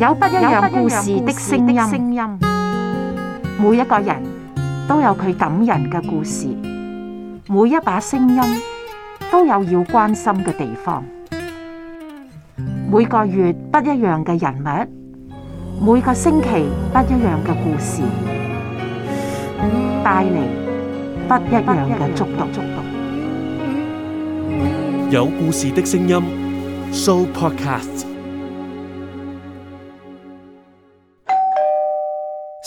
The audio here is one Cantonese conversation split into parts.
有不一樣故事的聲音，每一個人都有佢感人嘅故事，每一把聲音都有要關心嘅地方。每個月不一樣嘅人物，每個星期不一樣嘅故事，帶嚟不一樣嘅觸動。觸動有故事的聲音，Sooo Podcast。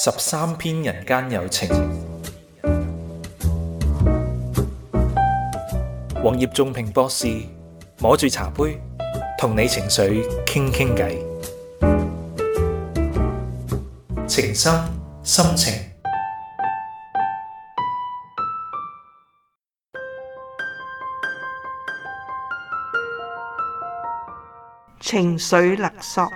十三篇人間有情，黃葉仲萍博士摸住茶杯，同你情緒傾傾偈：「情深深情，情緒勒索。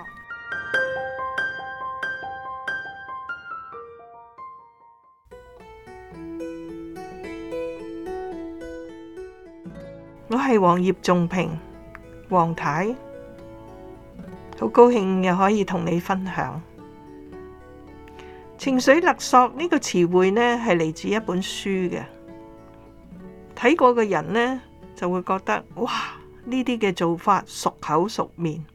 我係黃葉仲萍，黃太，好高興又可以同你分享情緒勒索呢個詞彙呢，係嚟自一本書嘅。睇過嘅人呢，就會覺得哇，呢啲嘅做法熟口熟面。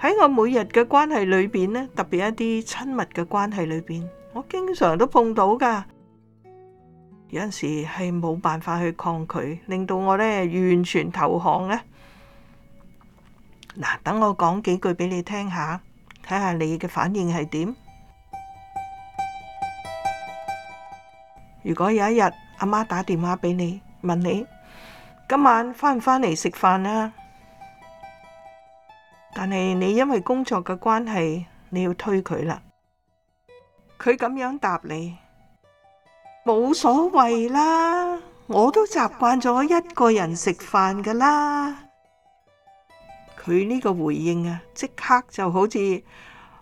喺我每日嘅關係裏邊呢，特別一啲親密嘅關係裏邊，我經常都碰到噶。有陣時係冇辦法去抗拒，令到我咧完全投降咧。嗱，等我講幾句俾你聽下，睇下你嘅反應係點。如果有一日阿媽打電話俾你，問你今晚翻唔翻返唔返嚟食飯呀？但係你因為工作嘅關係，你要推佢啦。佢咁樣答你。冇所謂啦，我都習慣咗一個人食飯噶啦。佢呢 個回應啊，即刻就好似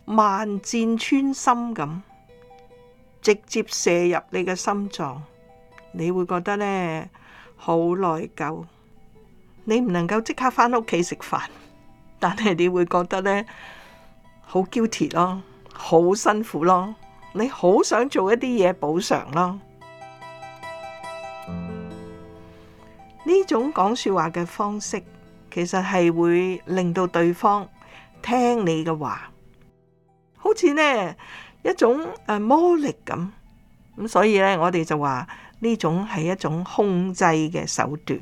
萬箭穿心咁，直接射入你嘅心臟，你會覺得咧好內疚。你唔能夠即刻翻屋企食飯，但係你會覺得咧好糾結咯，好辛苦咯，你好想做一啲嘢補償咯。呢種講說話嘅方式，其實係會令到對方聽你嘅話，好似呢一種誒魔力咁咁，所以咧我哋就話呢種係一種控制嘅手段。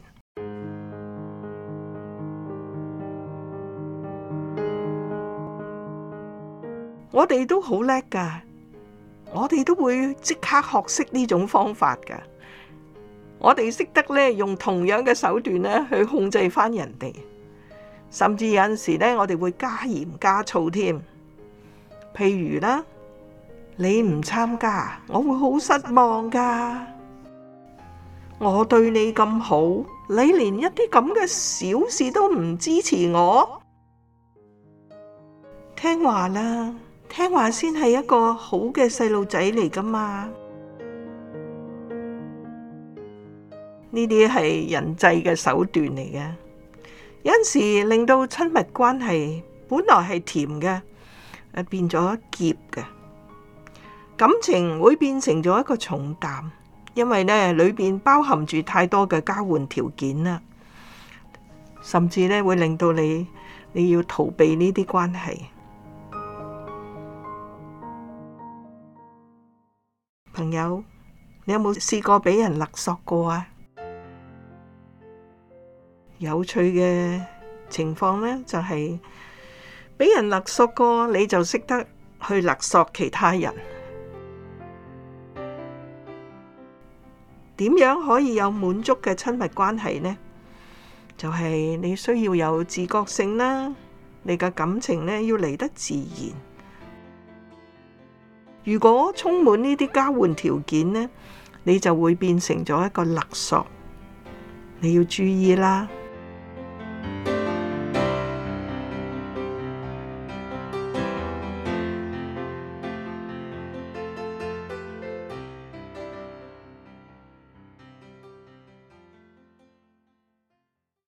我哋都好叻噶，我哋都會即刻學識呢種方法噶。我哋識得咧用同樣嘅手段咧去控制返人哋，甚至有陣時咧我哋會加鹽加醋添。譬如啦，你唔參加，我會好失望㗎。我對你咁好，你連一啲咁嘅小事都唔支持我，聽話啦，聽話先係一個好嘅細路仔嚟㗎嘛。呢啲係人際嘅手段嚟嘅，有陣時令到親密關係本來係甜嘅，誒變咗澀嘅，感情會變成咗一個重擔，因為呢裏面包含住太多嘅交換條件啦，甚至呢會令到你你要逃避呢啲關係。朋友，你有冇試過俾人勒索過啊？有趣嘅情況呢，就係俾人勒索過，你就識得去勒索其他人。點樣可以有滿足嘅親密關係呢？就係你需要有自覺性啦，你嘅感情呢要嚟得自然。如果充滿呢啲交換條件呢，你就會變成咗一個勒索。你要注意啦。